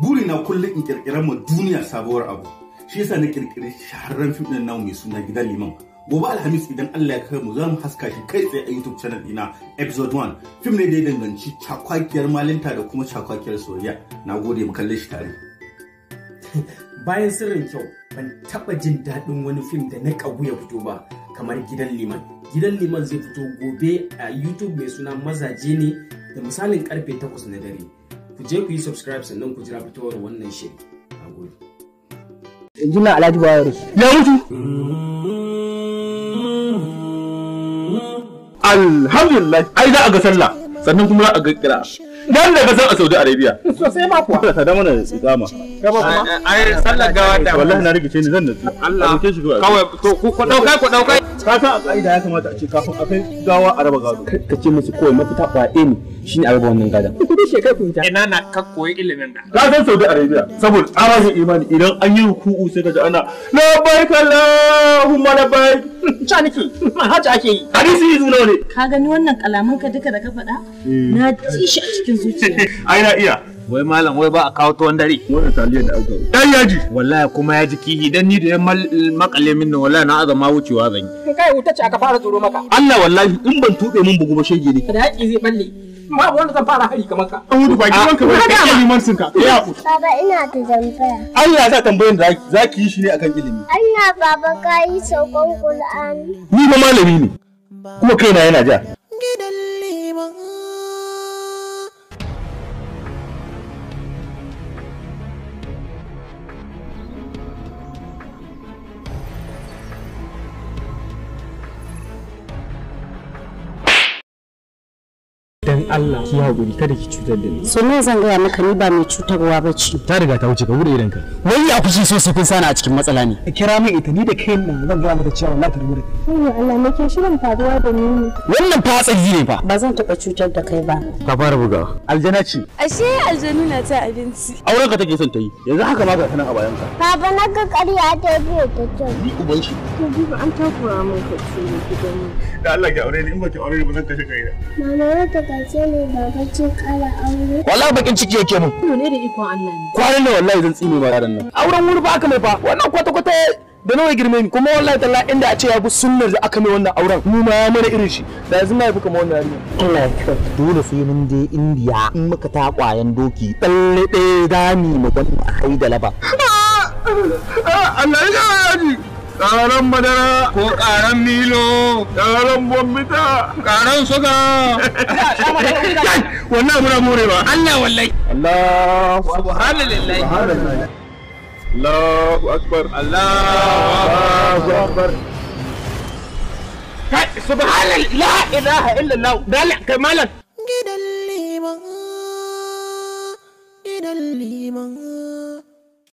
buri na kullum in kirkira ma duniya sabuwar abu shi yasa na kirkiri shahararren fim din namu mai suna gidan liman gobe alhamis idan Allah ya kai mu za mu haska shi kai tsaye a YouTube channel dina episode 1 fim ne da ya danganci cakwakiyar malinta da kuma cakwakiyar soyayya na gode mu kalle shi tare bayan sirrin kyau ban taba jin daɗin wani fim da na ƙagu ya fito ba kamar gidan liman gidan liman zai fito gobe a YouTube mai suna mazaje ne da misalin karfe 8 na dare ku je ku yi subscribe sannan ku jira fitowar wannan shiri nagode jina alhaji bayero ya mutu alhamdulillah ai za a ga sallah sannan kuma za a ga kira dan daga san a Saudi Arabia sai ma kuwa Allah ta da mana tsigama ba kuma ai sallar gawa da wallahi na rigice ni zan nutsu Allah Ka shi kawai to ku ku dauka ku dauka ka san a kaida ya kamata a ce kafin akai gawa a raba gado ka ce musu kawai mafita kwaɗe ni shine a raba wannan gadon shi kai fita ina na ka koyi ilimin da ka san Saudi Arabia saboda tsarin imani idan an yi ruku'u sai ka ji ana labbaik Allahumma labbaik caniki ma haji ake yi hadisi izu nawa ne ka gani wannan kalaman ka duka da ka faɗa eh. na ji shi a cikin zuciya ai na iya wai malam wai ba a kawo tuwon dare wannan taliyar da aka dan yaji wallahi kuma yaji kihi dan ni da yan makale min nan wallahi na azama wucewa zan yi kai wuta ce aka fara tsoro maka Allah wallahi in ban tube min bugu ba shege ne da haƙi zai balle ma wanda zan fara hari kamar ka dan wudu ba gidan ka ba kai limancin ka ya ku baba ina ta tambaya Allah ya sa tambayar da za ki yi shi ne akan ilimi Allah baba kai saukan Qur'ani ni ba malami ne kuma kaina yana ja dan Allah ki haƙuri kada ki cutar da ni so me zan gaya maka ni ba mai cutarwa ba ce ta riga ta wuce ka bude idan ka wai ya kushi so sai kun sani a cikin matsala ne kira min ita ni da kai na zan gaya mata cewa wallahi ta rubuta kai Allah ne ke shirin faruwa da ni wannan fa tsari ne fa ba zan taɓa cutar da kai ba ka fara bugawa aljana ce ashe aljanu na ta abinci auren ka take son ta yi yanzu haka ma ga sanan a bayan ka baba na ga ƙarya ta biyo ta can ni uban shi to bibi an takura mun ka ce gidan da Allah ki aure ni in ba ki aure ba zan kashe kai na mama ta kashe gaske ne baba aure? Wallahi bakin ciki yake mun. Ku ne da ikon Allah ne. Kwanan nan wallahi zan tsine ma yaran nan. Auren wuri ba aka mai fa. Wannan kwata kwata da nawa girme ni kuma wallahi tallahi inda a ce ya bi sunnar da aka mai wannan auren mu ma ya mana irin shi da yanzu mai fuka fi wannan yarinya Allah ya dole sai mun je Indiya in muka ta kwayan doki dalle ɗaya dami mu gani a kai da laba Allah ya ji ƙaran madara ko ƙaran milo ƙaran bombita ƙaran suga wannan abu na morewa Allah wallahi Allah subhanallah Allahu akbar Allahu akbar subhanallah la ilaha illallah dal kamalan gidan liman gidan liman